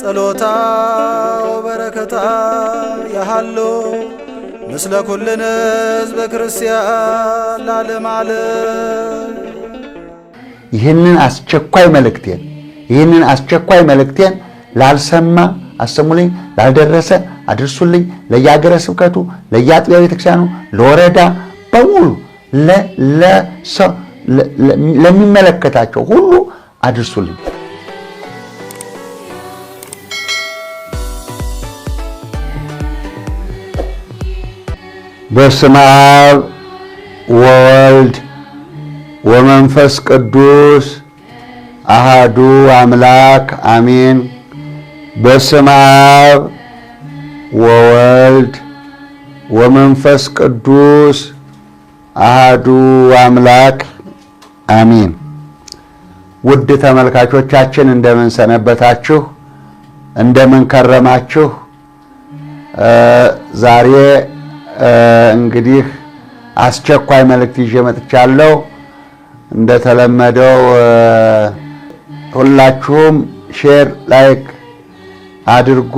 ጸሎታ ወበረከታ ያሃሎ ምስለ ኩልን ህዝበ ክርስቲያን ላለም አለ። ይህንን አስቸኳይ መልእክቴን ይህንን አስቸኳይ መልእክቴን ላልሰማ አሰሙልኝ፣ ላልደረሰ አድርሱልኝ። ለየአገረ ስብከቱ፣ ለየአጥቢያ ቤተክርስቲያኑ፣ ለወረዳ በሙሉ ለሚመለከታቸው ሁሉ አድርሱልኝ። በስመ አብ ወወልድ ወመንፈስ ቅዱስ አሃዱ አምላክ አሜን። በስመ አብ ወወልድ ወመንፈስ ቅዱስ አሃዱ አምላክ አሜን። ውድ ተመልካቾቻችን እንደምን ሰነበታችሁ? እንደምን ከረማችሁ? ዛሬ እንግዲህ አስቸኳይ መልእክት ይዤ መጥቻለሁ። እንደተለመደው ሁላችሁም ሼር ላይክ አድርጉ።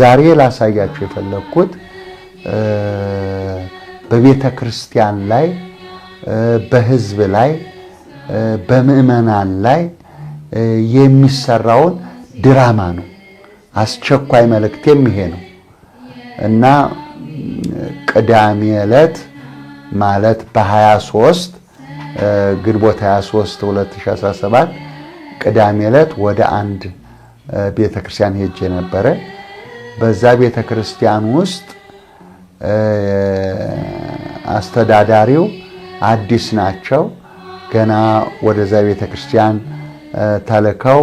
ዛሬ ላሳያችሁ የፈለግኩት በቤተ ክርስቲያን ላይ፣ በህዝብ ላይ፣ በምዕመናን ላይ የሚሰራውን ድራማ ነው። አስቸኳይ መልእክቴም ይሄ ነው እና ቅዳሜ ዕለት ማለት በ23 ግንቦት 23 2017 ቅዳሜ ዕለት ወደ አንድ ቤተ ክርስቲያን ሄጄ ነበረ። በዛ ቤተ ክርስቲያን ውስጥ አስተዳዳሪው አዲስ ናቸው። ገና ወደዛ ቤተ ክርስቲያን ተልከው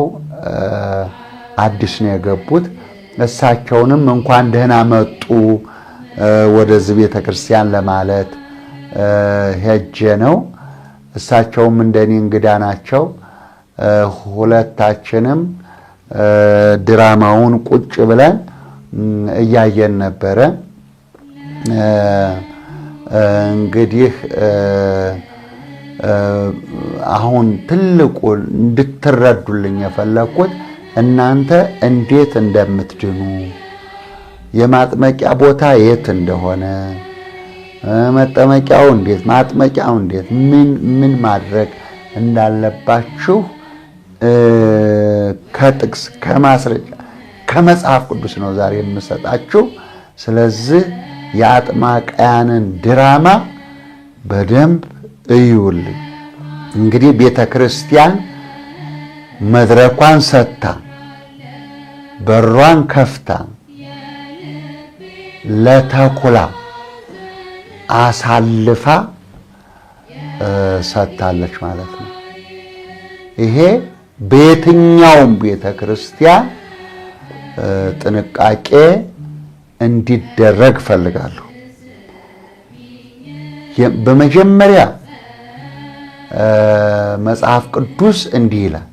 አዲስ ነው የገቡት። እሳቸውንም እንኳን ደህና መጡ ወደዚህ ቤተ ክርስቲያን ለማለት ሄጄ ነው። እሳቸውም እንደኔ እንግዳ ናቸው። ሁለታችንም ድራማውን ቁጭ ብለን እያየን ነበረ። እንግዲህ አሁን ትልቁ እንድትረዱልኝ የፈለግኩት እናንተ እንዴት እንደምትድኑ የማጥመቂያ ቦታ የት እንደሆነ መጠመቂያው እንዴት ማጥመቂያው እንዴት ምን ምን ማድረግ እንዳለባችሁ ከጥቅስ ከማስረጃ ከመጽሐፍ ቅዱስ ነው ዛሬ የምሰጣችሁ። ስለዚህ የአጥማቃያንን ድራማ በደንብ እዩልኝ። እንግዲህ ቤተ ክርስቲያን መድረኳን ሰጥታ በሯን ከፍታ ለተኩላ አሳልፋ ሰጥታለች ማለት ነው። ይሄ በየትኛውም ቤተ ክርስቲያን ጥንቃቄ እንዲደረግ ፈልጋለሁ። በመጀመሪያ መጽሐፍ ቅዱስ እንዲህ ይላል።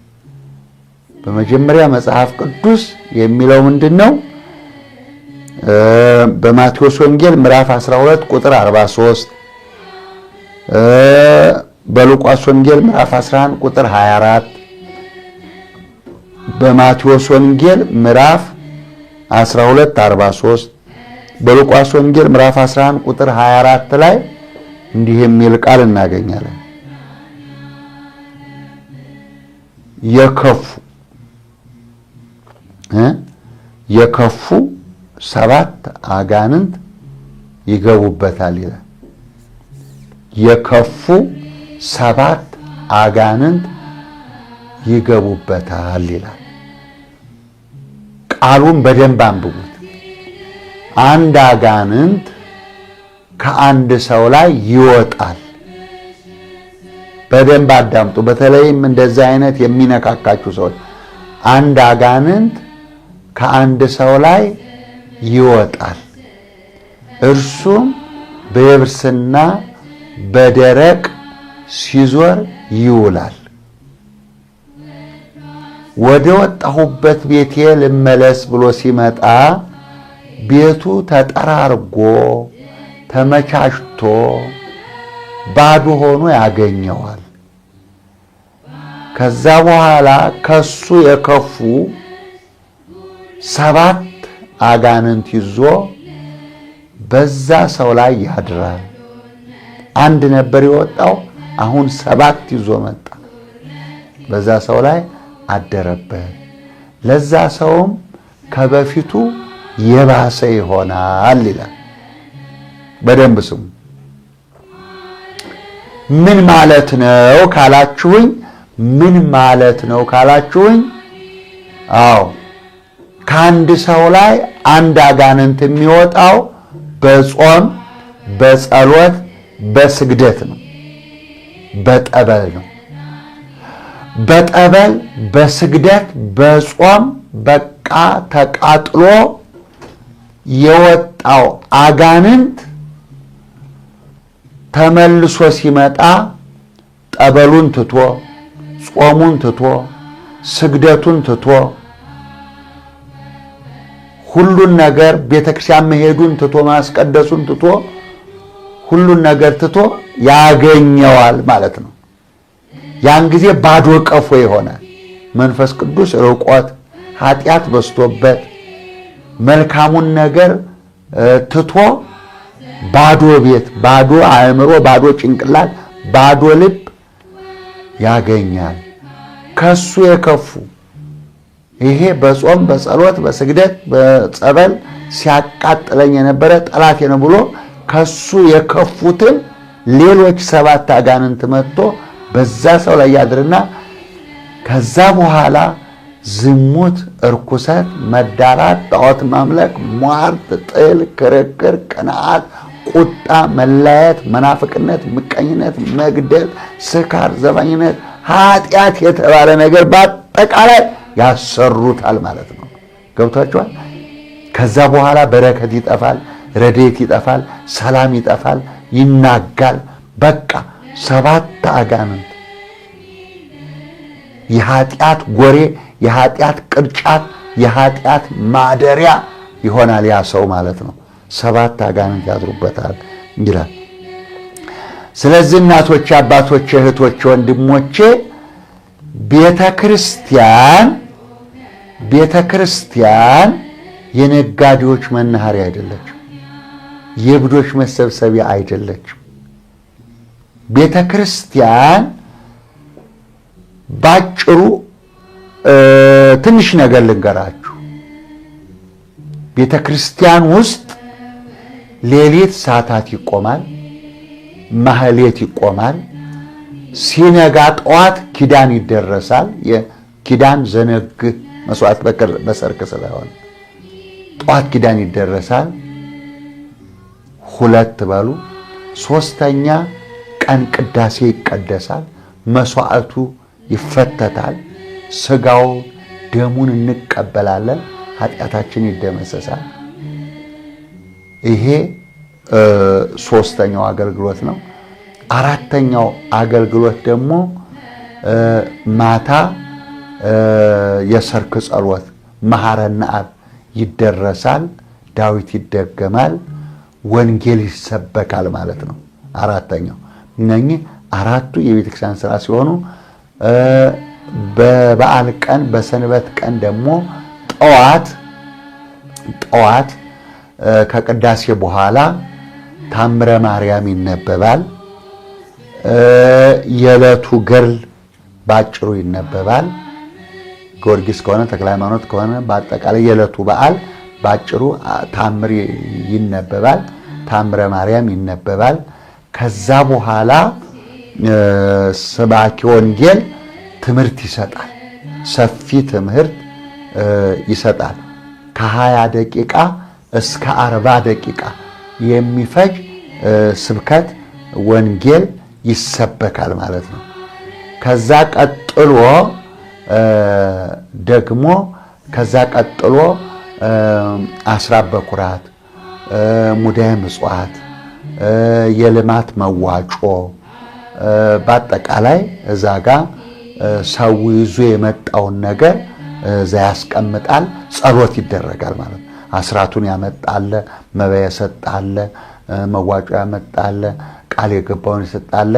በመጀመሪያ መጽሐፍ ቅዱስ የሚለው ምንድን ነው? በማቴዎስ ወንጌል ምዕራፍ 12 ቁጥር 43 በሉቃስ ወንጌል ምዕራፍ 11 ቁጥር 24 በማቴዎስ ወንጌል ምዕራፍ 12 43 በሉቃስ ወንጌል ምዕራፍ 11 ቁጥር 24 ላይ እንዲህ የሚል ቃል እናገኛለን። የከፉ የከፉ ሰባት አጋንንት ይገቡበታል ይላል። የከፉ ሰባት አጋንንት ይገቡበታል ይላል። ቃሉን በደንብ አንብቡት። አንድ አጋንንት ከአንድ ሰው ላይ ይወጣል። በደንብ አዳምጡ። በተለይም እንደዚህ አይነት የሚነካካችሁ ሰዎች አንድ አጋንንት ከአንድ ሰው ላይ ይወጣል። እርሱም በየብስና በደረቅ ሲዞር ይውላል። ወደ ወጣሁበት ቤቴ ልመለስ ብሎ ሲመጣ ቤቱ ተጠራርጎ ተመቻችቶ ባዶ ሆኖ ያገኘዋል። ከዛ በኋላ ከሱ የከፉ ሰባት አጋንንት ይዞ በዛ ሰው ላይ ያድራል። አንድ ነበር የወጣው፣ አሁን ሰባት ይዞ መጣ። በዛ ሰው ላይ አደረበት። ለዛ ሰውም ከበፊቱ የባሰ ይሆናል ይላል። በደንብ ስሙ። ምን ማለት ነው ካላችሁኝ፣ ምን ማለት ነው ካላችሁኝ፣ አዎ ከአንድ ሰው ላይ አንድ አጋንንት የሚወጣው በጾም፣ በጸሎት፣ በስግደት ነው። በጠበል ነው። በጠበል በስግደት በጾም በቃ ተቃጥሎ የወጣው አጋንንት ተመልሶ ሲመጣ ጠበሉን ትቶ ጾሙን ትቶ ስግደቱን ትቶ ሁሉን ነገር ቤተክርስቲያን መሄዱን ትቶ ማስቀደሱን ትቶ ሁሉን ነገር ትቶ ያገኘዋል ማለት ነው። ያን ጊዜ ባዶ ቀፎ የሆነ መንፈስ ቅዱስ ርቆት ኃጢአት በዝቶበት መልካሙን ነገር ትቶ ባዶ ቤት፣ ባዶ አእምሮ፣ ባዶ ጭንቅላት፣ ባዶ ልብ ያገኛል። ከሱ የከፉ ይሄ በጾም በጸሎት በስግደት በጸበል ሲያቃጥለኝ የነበረ ጠላቴ ነው ብሎ ከሱ የከፉትን ሌሎች ሰባት አጋንንት መጥቶ በዛ ሰው ላይ ያድርና ከዛ በኋላ ዝሙት፣ እርኩሰት፣ መዳራት፣ ጣዖት ማምለክ፣ ሟርት፣ ጥል፣ ክርክር፣ ቅንዓት፣ ቁጣ፣ መለያየት፣ መናፍቅነት፣ ምቀኝነት፣ መግደል፣ ስካር፣ ዘፋኝነት፣ ኃጢአት የተባለ ነገር በአጠቃላይ ያሰሩታል ማለት ነው። ገብቷችኋል? ከዛ በኋላ በረከት ይጠፋል፣ ረዴት ይጠፋል፣ ሰላም ይጠፋል፣ ይናጋል። በቃ ሰባት አጋንንት የኃጢአት ጎሬ፣ የኃጢአት ቅርጫት፣ የኃጢአት ማደሪያ ይሆናል ያ ሰው ማለት ነው። ሰባት አጋንንት ያድሩበታል ይላል። ስለዚህ እናቶቼ፣ አባቶቼ፣ እህቶቼ፣ ወንድሞቼ ቤተ ክርስቲያን ቤተ ክርስቲያን የነጋዴዎች መናኸሪያ አይደለችም። የእብዶች መሰብሰቢያ አይደለችም። ቤተ ክርስቲያን ባጭሩ ትንሽ ነገር ልንገራችሁ። ቤተ ክርስቲያን ውስጥ ሌሊት ሰዓታት ይቆማል፣ ማህሌት ይቆማል። ሲነጋ ጠዋት ኪዳን ይደረሳል። የኪዳን ዘነግህ መስዋዕት በሰርክ ስለሆነ ጠዋት ኪዳን ይደረሳል። ሁለት በሉ። ሶስተኛ ቀን ቅዳሴ ይቀደሳል። መስዋዕቱ ይፈተታል። ስጋው ደሙን እንቀበላለን። ኃጢአታችን ይደመሰሳል። ይሄ ሶስተኛው አገልግሎት ነው። አራተኛው አገልግሎት ደግሞ ማታ የሰርክ ጸሎት መሐረነ አብ ይደረሳል፣ ዳዊት ይደገማል፣ ወንጌል ይሰበካል ማለት ነው። አራተኛው እነኚህ አራቱ የቤተክርስቲያን ስራ ሲሆኑ በበዓል ቀን በሰንበት ቀን ደግሞ ጠዋት ጠዋት ከቅዳሴ በኋላ ታምረ ማርያም ይነበባል። የዕለቱ ገድል ባጭሩ ይነበባል። ጊዮርጊስ ከሆነ ተክለ ሃይማኖት ከሆነ በአጠቃላይ የዕለቱ በዓል በአጭሩ ታምር ይነበባል፣ ታምረ ማርያም ይነበባል። ከዛ በኋላ ስባኪ ወንጌል ትምህርት ይሰጣል፣ ሰፊ ትምህርት ይሰጣል። ከሀያ ደቂቃ እስከ አርባ ደቂቃ የሚፈጅ ስብከት ወንጌል ይሰበካል ማለት ነው። ከዛ ቀጥሎ ደግሞ ከዛ ቀጥሎ አስራት በኩራት፣ ሙዳየ ምጽዋት፣ የልማት መዋጮ በአጠቃላይ እዛ ጋ ሰው ይዞ የመጣውን ነገር እዛ ያስቀምጣል። ጸሎት ይደረጋል ማለት ነው። አስራቱን ያመጣለ፣ መባ የሰጣለ፣ መዋጮ ያመጣለ፣ ቃል የገባውን የሰጣለ።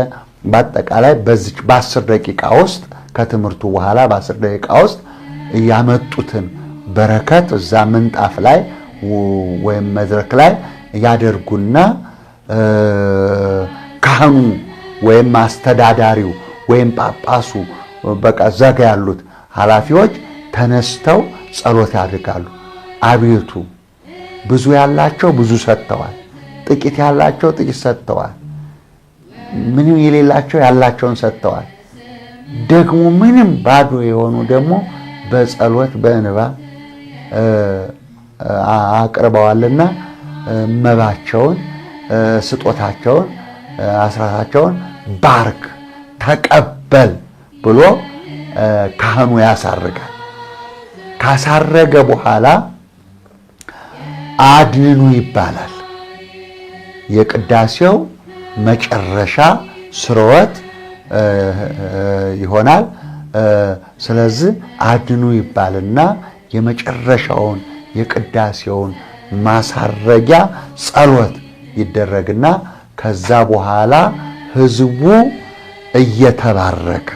በአጠቃላይ በዚች በአስር ደቂቃ ውስጥ ከትምህርቱ በኋላ በአስር ደቂቃ ውስጥ ያመጡትን በረከት እዛ ምንጣፍ ላይ ወይም መድረክ ላይ ያደርጉና ካህኑ ወይም አስተዳዳሪው ወይም ጳጳሱ በቃ ዘጋ ያሉት ኃላፊዎች ተነስተው ጸሎት ያድርጋሉ። አቤቱ ብዙ ያላቸው ብዙ ሰጥተዋል፣ ጥቂት ያላቸው ጥቂት ሰጥተዋል፣ ምንም የሌላቸው ያላቸውን ሰጥተዋል። ደግሞ ምንም ባዶ የሆኑ ደግሞ በጸሎት በእንባ አቅርበዋልና መባቸውን፣ ስጦታቸውን፣ አስራታቸውን ባርክ ተቀበል ብሎ ካህኑ ያሳርጋል። ካሳረገ በኋላ አድኑ ይባላል። የቅዳሴው መጨረሻ ስርወት ይሆናል። ስለዚህ አድኑ ይባልና የመጨረሻውን የቅዳሴውን ማሳረጊያ ጸሎት ይደረግና ከዛ በኋላ ህዝቡ እየተባረከ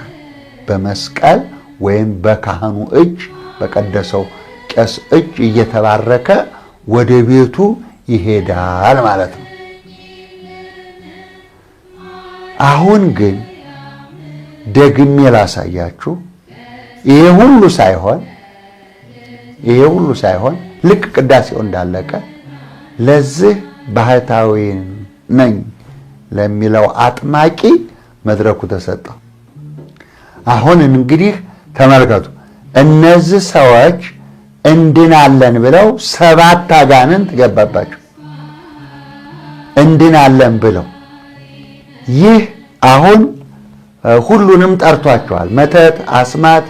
በመስቀል ወይም በካህኑ እጅ በቀደሰው ቄስ እጅ እየተባረከ ወደ ቤቱ ይሄዳል ማለት ነው። አሁን ግን ደግሜ ላሳያችሁ። ይሄ ሁሉ ሳይሆን ይሄ ሁሉ ሳይሆን ልክ ቅዳሴው እንዳለቀ ለዚህ ባህታዊ ነኝ ለሚለው አጥማቂ መድረኩ ተሰጠው። አሁን እንግዲህ ተመልከቱ፣ እነዚህ ሰዎች እንድናለን ብለው ሰባት አጋንንት ገባባቸው። እንድናለን ብለው ይህ አሁን ሁሉንም ጠርቷቸዋል። መተት፣ አስማት፣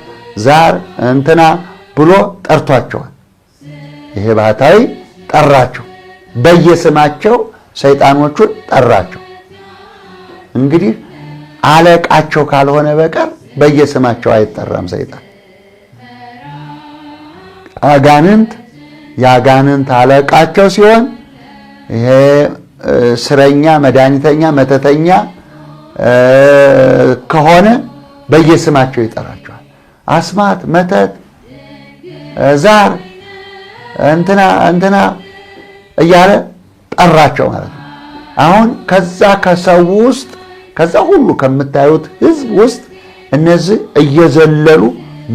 ዛር እንትና ብሎ ጠርቷቸዋል። ይሄ ባህታዊ ጠራቸው፣ በየስማቸው ሰይጣኖቹን ጠራቸው። እንግዲህ አለቃቸው ካልሆነ በቀር በየስማቸው አይጠራም ሰይጣን። አጋንንት የአጋንንት አለቃቸው ሲሆን ይሄ ስረኛ፣ መድኃኒተኛ፣ መተተኛ ከሆነ በየስማቸው ይጠራቸዋል። አስማት፣ መተት፣ ዛር፣ እንትና እንትና እያለ ጠራቸው ማለት ነው። አሁን ከዛ ከሰው ውስጥ ከዛ ሁሉ ከምታዩት ህዝብ ውስጥ እነዚህ እየዘለሉ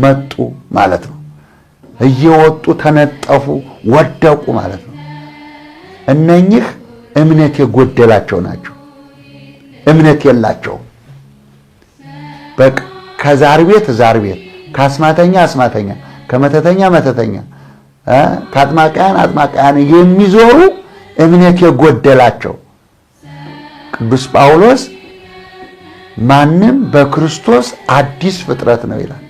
መጡ ማለት ነው። እየወጡ ተነጠፉ፣ ወደቁ ማለት ነው። እነኚህ እምነት የጎደላቸው ናቸው። እምነት የላቸውም። በቃ ከዛር ቤት ዛር ቤት፣ ከአስማተኛ አስማተኛ፣ ከመተተኛ መተተኛ፣ ከአጥማቃያን አጥማቃያን የሚዞሩ እምነት የጎደላቸው ቅዱስ ጳውሎስ ማንም በክርስቶስ አዲስ ፍጥረት ነው ይላል።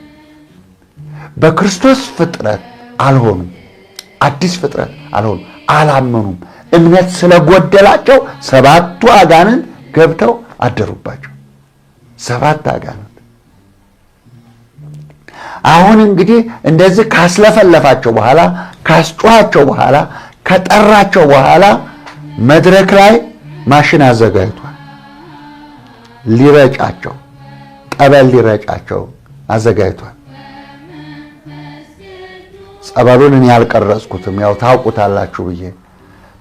በክርስቶስ ፍጥረት አልሆኑም፣ አዲስ ፍጥረት አልሆኑም፣ አላመኑም። እምነት ስለጎደላቸው ሰባቱ አጋንንት ገብተው አደሩባቸው ሰባት አጋንንት። አሁን እንግዲህ እንደዚህ ካስለፈለፋቸው በኋላ ካስጮኋቸው በኋላ ከጠራቸው በኋላ መድረክ ላይ ማሽን አዘጋጅቷል። ሊረጫቸው ጠበል ሊረጫቸው አዘጋጅቷል። ጸበሉን እኔ ያልቀረጽኩትም ያው ታውቁታላችሁ ብዬ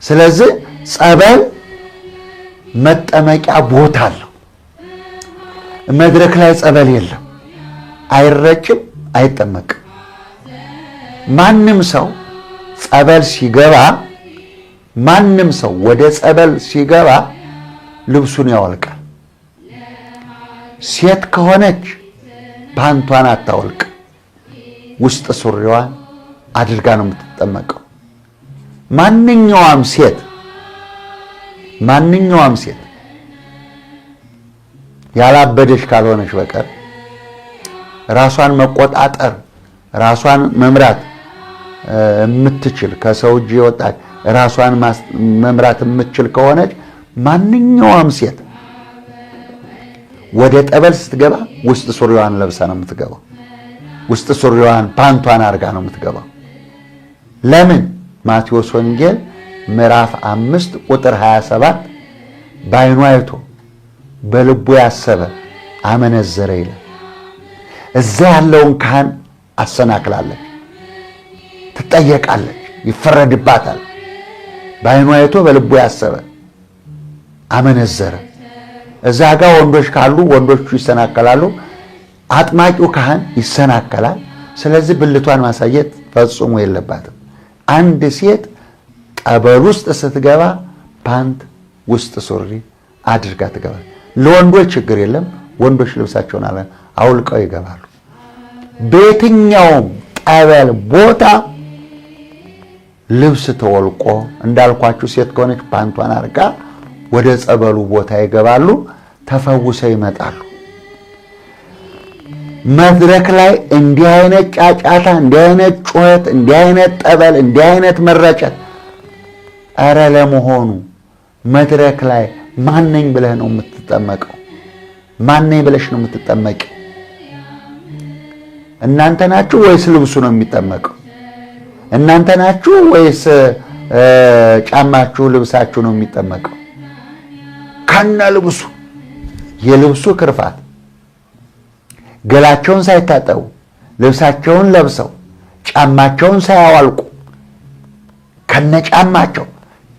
ስለዚህ ጸበል መጠመቂያ ቦታ አለው። መድረክ ላይ ጸበል የለም፣ አይረጭም፣ አይጠመቅም። ማንም ሰው ጸበል ሲገባ ማንም ሰው ወደ ጸበል ሲገባ ልብሱን ያወልቃል። ሴት ከሆነች ፓንቷን አታወልቅ፣ ውስጥ ሱሪዋን አድርጋ ነው የምትጠመቀው። ማንኛውም ሴት ማንኛውም ሴት ያላበደች ካልሆነች በቀር ራሷን መቆጣጠር ራሷን መምራት የምትችል ከሰው እጅ የወጣች ራሷን መምራት የምትችል ከሆነች ማንኛውም ሴት ወደ ጠበል ስትገባ ውስጥ ሱሪዋን ለብሳ ነው የምትገባው። ውስጥ ሱሪዋን ፓንቷን አድርጋ ነው የምትገባው። ለምን ማቴዎስ ወንጌል ምዕራፍ አምስት ቁጥር 27 በዓይኑ አይቶ በልቡ ያሰበ አመነዘረ ይላል። እዛ ያለውን ካህን አሰናክላለች፣ ትጠየቃለች፣ ይፈረድባታል። በዓይኑ አይቶ በልቡ ያሰበ አመነዘረ። እዛ ጋር ወንዶች ካሉ ወንዶቹ ይሰናከላሉ፣ አጥማቂው ካህን ይሰናከላል። ስለዚህ ብልቷን ማሳየት ፈጽሞ የለባትም። አንድ ሴት ቀበል ውስጥ ስትገባ ፓንት ውስጥ ሱሪ አድርጋ ትገባል። ለወንዶች ችግር የለም። ወንዶች ልብሳቸውን አለ አውልቀው ይገባሉ። በየትኛውም ጠበል ቦታ ልብስ ተወልቆ እንዳልኳችሁ ሴት ከሆነች ፓንቷን አርጋ ወደ ጸበሉ ቦታ ይገባሉ፣ ተፈውሰው ይመጣሉ። መድረክ ላይ እንዲህ አይነት ጫጫታ፣ እንዲህ አይነት ጩኸት፣ እንዲህ አይነት ጠበል፣ እንዲህ አይነት መረጨት እረ ለመሆኑ መድረክ ላይ ማነኝ ብለህ ነው የምትጠመቀው? ማነኝ ብለሽ ነው የምትጠመቂው? እናንተ ናችሁ ወይስ ልብሱ ነው የሚጠመቀው? እናንተ ናችሁ ወይስ ጫማችሁ ልብሳችሁ ነው የሚጠመቀው? ከነ ልብሱ የልብሱ ክርፋት ገላቸውን ሳይታጠቡ ልብሳቸውን ለብሰው ጫማቸውን ሳያዋልቁ ከነ ጫማቸው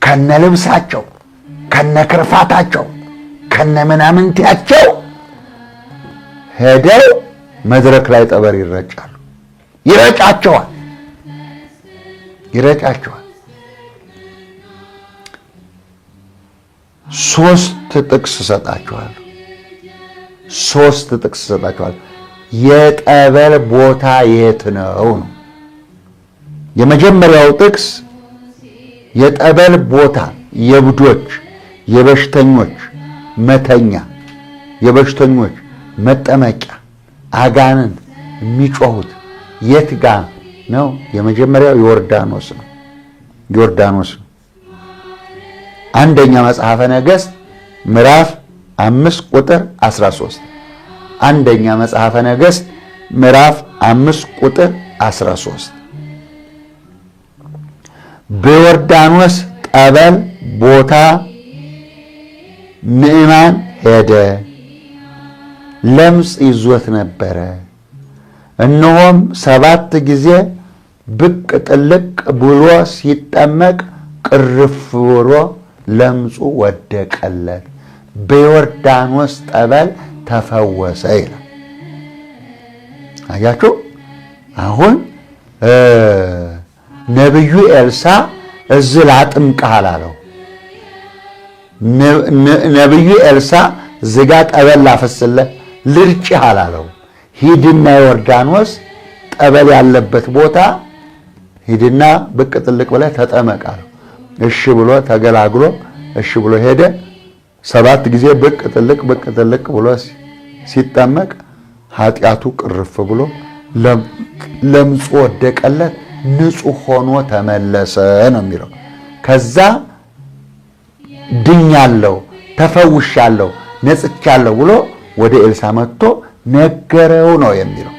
ከነ ልብሳቸው ከነ ክርፋታቸው ከነ ምናምንቲያቸው ሄደው መድረክ ላይ ጠበር ይረጫሉ። ይረጫቸዋል ይረጫቸዋል። ሶስት ጥቅስ እሰጣችኋለሁ። ሶስት ጥቅስ እሰጣችኋለሁ። የጠበል ቦታ የት ነው ነው የመጀመሪያው ጥቅስ የጠበል ቦታ የብዶች የበሽተኞች መተኛ የበሽተኞች መጠመቂያ አጋንንት የሚጮሁት የት ጋ ነው? የመጀመሪያው ዮርዳኖስ ነው። ዮርዳኖስ ነው። አንደኛ መጽሐፈ ነገሥት ምዕራፍ አምስት ቁጥር 13 አንደኛ መጽሐፈ ነገሥት ምዕራፍ አምስት ቁጥር 13 በዮርዳኖስ ጠበል ቦታ ምዕማን ሄደ። ለምጽ ይዞት ነበረ። እነሆም ሰባት ጊዜ ብቅ ጥልቅ ብሎ ሲጠመቅ ቅርፍ ብሎ ለምጹ ወደቀለት፣ በዮርዳኖስ ጠበል ተፈወሰ ይላል። አያችሁ አሁን ነቢዩ ኤልሳዕ እዚህ ላጥምቅሃል አለው። ነቢዩ ኤልሳዕ ዝጋ ጠበል ላፈስልህ ልርጭሃል አለው። ሂድና ዮርዳኖስ ጠበል ያለበት ቦታ ሂድና ብቅ ጥልቅ ብለህ ተጠመቅ አለው። እሺ ብሎ ተገላግሎ እሺ ብሎ ሄደ። ሰባት ጊዜ ብቅ ጥልቅ ብቅ ጥልቅ ብሎ ሲጠመቅ ኃጢአቱ ቅርፍ ብሎ ለምጽ ወደቀለት። ንጹሕ ሆኖ ተመለሰ ነው የሚለው። ከዛ ድኛለሁ፣ ተፈውሻለሁ፣ ነጽቻለሁ ብሎ ወደ ኤልሳ መጥቶ ነገረው ነው የሚለው።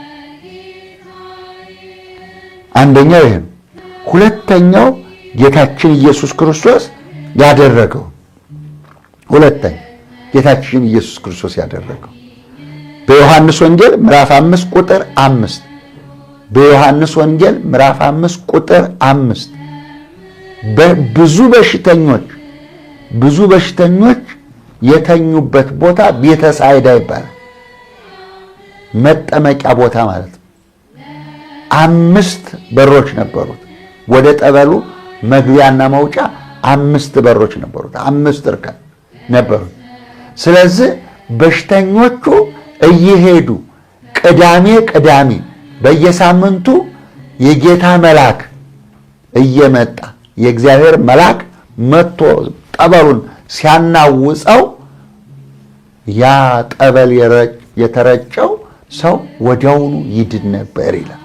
አንደኛው ይሄ ሁለተኛው ጌታችን ኢየሱስ ክርስቶስ ያደረገው ሁለተኛ ጌታችን ኢየሱስ ክርስቶስ ያደረገው በዮሐንስ ወንጌል ምዕራፍ አምስት ቁጥር አምስት በዮሐንስ ወንጌል ምዕራፍ አምስት ቁጥር አምስት ብዙ በሽተኞች ብዙ በሽተኞች የተኙበት ቦታ ቤተ ሳይዳ ይባላል። መጠመቂያ ቦታ ማለት ነው። አምስት በሮች ነበሩት። ወደ ጠበሉ መግቢያና መውጫ አምስት በሮች ነበሩት። አምስት እርከን ነበሩት። ስለዚህ በሽተኞቹ እየሄዱ ቅዳሜ ቅዳሜ በየሳምንቱ የጌታ መልአክ እየመጣ የእግዚአብሔር መልአክ መጥቶ ጠበሉን ሲያናውፀው ያ ጠበል የተረጨው ሰው ወዲያውኑ ይድን ነበር ይላል።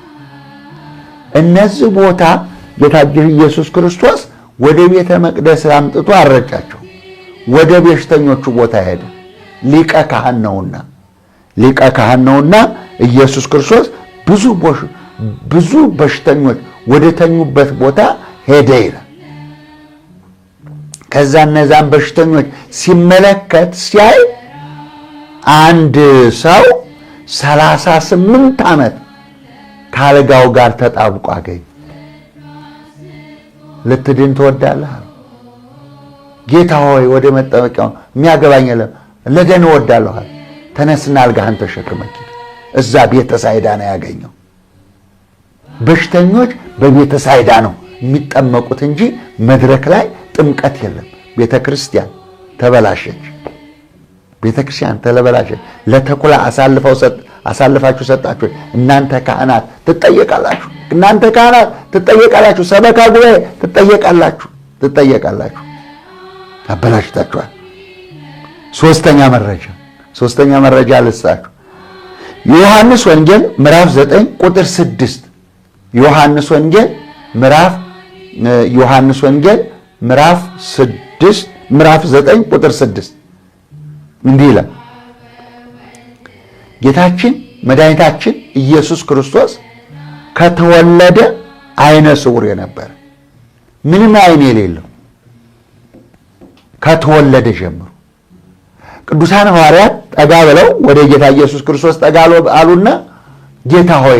እነዚህ ቦታ ጌታችን ኢየሱስ ክርስቶስ ወደ ቤተ መቅደስ አምጥቶ አረጫቸው። ወደ በሽተኞቹ ቦታ ሄደ። ሊቀ ካህን ነውና ሊቀ ካህን ነውና ኢየሱስ ክርስቶስ ብዙ ብዙ በሽተኞች ወደ ተኙበት ቦታ ሄደ ይላል። ከዛ እነዛን በሽተኞች ሲመለከት ሲያይ አንድ ሰው ሰላሳ ዓመት ካልጋው ጋር ተጣብቆ አገኝ። ልትድን ትወዳለህ? ጌታ ሆይ ወደ መጠመቂያው የሚያገባኝ የለም፣ ልድን እወዳለሁ። ተነስና አልጋህን ተሸክመኝ እዛ ቤተ ሳይዳ ነው ያገኘው። በሽተኞች በቤተ ሳይዳ ነው የሚጠመቁት እንጂ መድረክ ላይ ጥምቀት የለም። ቤተ ክርስቲያን ተበላሸች። ቤተ ክርስቲያን ተበላሸች። ለተኩላ አሳልፈው አሳልፋችሁ ሰጣችሁ። እናንተ ካህናት ትጠየቃላችሁ። እናንተ ካህናት ትጠየቃላችሁ። ሰበካ ጉባኤ ትጠየቃላችሁ። ትጠየቃላችሁ። አበላሽታችኋል። ሶስተኛ መረጃ ሶስተኛ መረጃ ልሳችሁ የዮሐንስ ወንጌል ምዕራፍ 9 ቁጥር 6 ዮሐንስ ወንጌል ምዕራፍ ዮሐንስ ወንጌል ምዕራፍ 6 ምዕራፍ 9 ቁጥር 6 እንዲህ ይላል። ጌታችን መድኃኒታችን ኢየሱስ ክርስቶስ ከተወለደ አይነ ስውር የነበረ ምንም አይን የሌለው ከተወለደ ጀምሮ ቅዱሳን ሐዋርያት ጠጋ ብለው ወደ ጌታ ኢየሱስ ክርስቶስ ጠጋ አሉና ጌታ ሆይ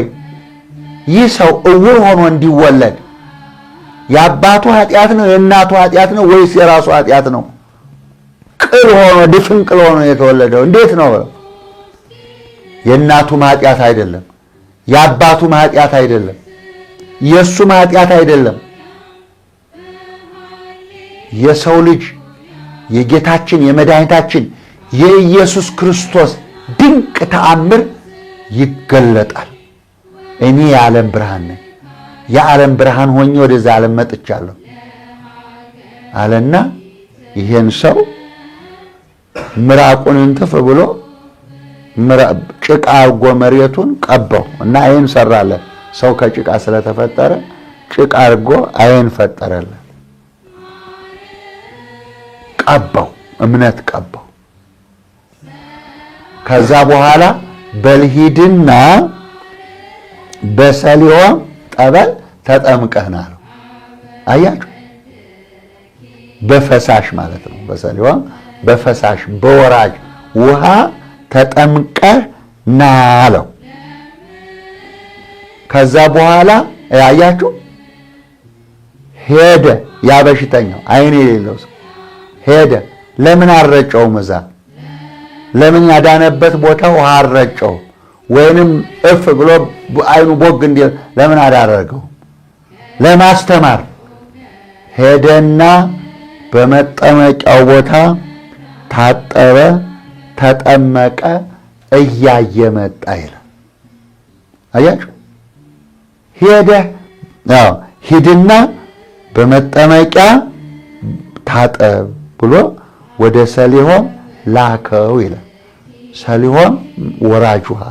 ይህ ሰው እውር ሆኖ እንዲወለድ የአባቱ ኃጢአት ነው የእናቱ ኃጢአት ነው ወይስ የራሱ ኃጢአት ነው? ቅል ሆኖ ድፍን ቅል ሆኖ የተወለደው እንዴት ነው ብለው የእናቱም ኃጢአት አይደለም፣ የአባቱም ኃጢአት አይደለም፣ የእሱም ኃጢአት አይደለም። የሰው ልጅ የጌታችን የመድኃኒታችን የኢየሱስ ክርስቶስ ድንቅ ተአምር ይገለጣል። እኔ የዓለም ብርሃን ነኝ፣ የዓለም ብርሃን ሆኜ ወደዛ ዓለም መጥቻለሁ አለና ይሄን ሰው ምራቁን እንትፍ ብሎ ጭቃ አርጎ መሬቱን ቀባው እና አይን ሰራለን። ሰው ከጭቃ ስለተፈጠረ ጭቃ አርጎ አይን ፈጠረለን። ቀባው፣ እምነት ቀባው። ከዛ በኋላ በልሂድና በሰሊዋ ጠበል ተጠምቀህን አለው። አያችሁ፣ በፈሳሽ ማለት ነው። በሰሊዋ በፈሳሽ በወራጅ ውሃ ተጠምቀህ ና አለው። ከዛ በኋላ አያችሁ፣ ሄደ። ያ በሽተኛው አይን የሌለው ሰው ሄደ። ለምን አልረጨውም እዛ ለምን ያዳነበት ቦታ ውሃ አረጨው ወይንም እፍ ብሎ አይኑ ቦግ እንዲ ለምን አዳረገው? ለማስተማር ሄደና በመጠመቂያው ቦታ ታጠበ፣ ተጠመቀ፣ እያየ መጣ ይላል። አያችሁ፣ ሄደ ሂድና በመጠመቂያ ታጠብ ብሎ ወደ ሰሊሆም ላከው ይላል። ሰሊሆም ወራጅ ውሃ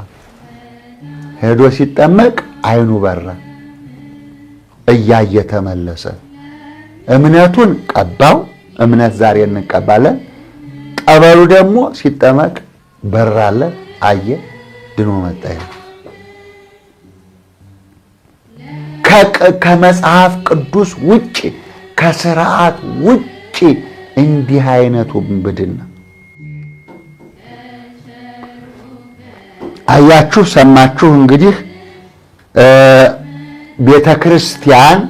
ሄዶ ሲጠመቅ አይኑ በራ፣ እያየ ተመለሰ። እምነቱን ቀባው። እምነት ዛሬ እንቀባለን። ጠበሉ ደግሞ ሲጠመቅ በራለ፣ አየ፣ ድኖ መጣ። ከመጽሐፍ ቅዱስ ውጭ ከስርዓት ውጭ እንዲህ አይነቱ ብድን ነው። አያችሁ ሰማችሁ። እንግዲህ ቤተ ክርስቲያን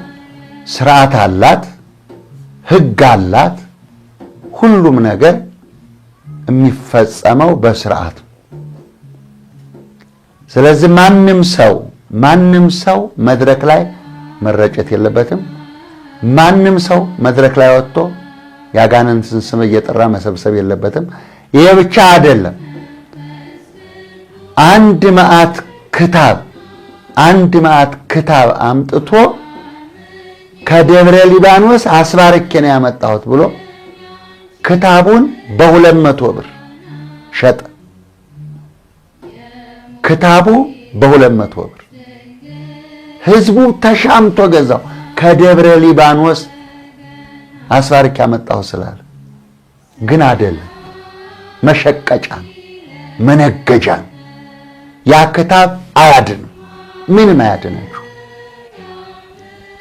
ስርዓት አላት፣ ህግ አላት። ሁሉም ነገር የሚፈጸመው በስርዓት ስለዚህ ማንም ሰው ማንም ሰው መድረክ ላይ መረጨት የለበትም። ማንም ሰው መድረክ ላይ ወጥቶ የአጋንንትን ስም እየጠራ መሰብሰብ የለበትም። ይሄ ብቻ አይደለም። አንድ መዓት ክታብ አንድ መዓት ክታብ አምጥቶ ከደብረ ሊባኖስ አስባርኬ ነው ያመጣሁት ብሎ ክታቡን በሁለት መቶ ብር ሸጠ። ክታቡ በሁለት መቶ ብር ህዝቡ ተሻምቶ ገዛው። ከደብረ ሊባኖስ አስባርኬ ያመጣሁ ስላለ ግን አይደለም፣ መሸቀጫ ነው፣ መነገጃ ነው። ያ ክታብ አያድንም፣ ምንም አያድናችሁ።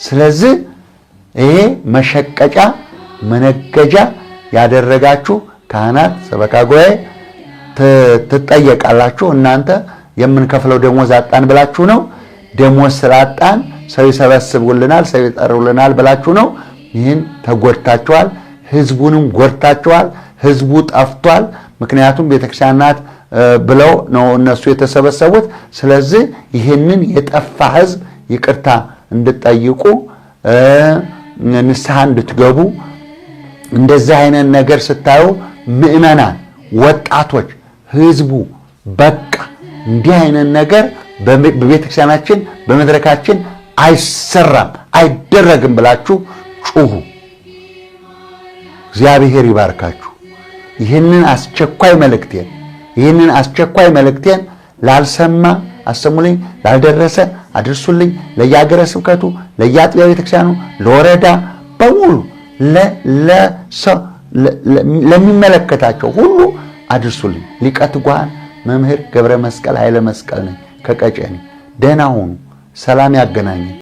ስለዚህ ይሄ መሸቀጫ መነገጃ ያደረጋችሁ ካህናት፣ ሰበካ ጉባኤ ትጠየቃላችሁ። እናንተ የምንከፍለው ደሞዝ አጣን ብላችሁ ነው። ደሞዝ ስላጣን ሰው ይሰበስቡልናል፣ ሰው ይጠሩልናል ብላችሁ ነው። ይህን ተጎድታችኋል። ህዝቡንም ጎድታችኋል። ህዝቡ ጠፍቷል። ምክንያቱም ቤተክርስቲያን ናት ብለው ነው እነሱ የተሰበሰቡት። ስለዚህ ይህንን የጠፋ ህዝብ ይቅርታ እንድጠይቁ ንስሐ እንድትገቡ እንደዚህ አይነት ነገር ስታዩ ምዕመናን፣ ወጣቶች፣ ህዝቡ በቃ እንዲህ አይነት ነገር በቤተክርስቲያናችን በመድረካችን አይሰራም አይደረግም ብላችሁ ጩሁ። እግዚአብሔር ይባርካችሁ። ይህንን አስቸኳይ መልእክቴን ይህንን አስቸኳይ መልእክቴን ላልሰማ አሰሙልኝ፣ ላልደረሰ አድርሱልኝ። ለየአገረ ስብከቱ፣ ለየአጥቢያ ቤተክርስቲያኑ፣ ለወረዳ በሙሉ ለሚመለከታቸው ሁሉ አድርሱልኝ። ሊቀ ትጉሃን መምህር ገብረ መስቀል ኃይለ መስቀል ነኝ ከቀጨኔ። ደህና ሁኑ። ሰላም ያገናኘን።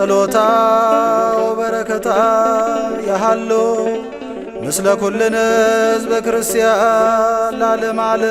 ጸሎታ በረከታ ያሃሎ ምስለ ኩልን ህዝበ ክርስቲያን ላለም አለ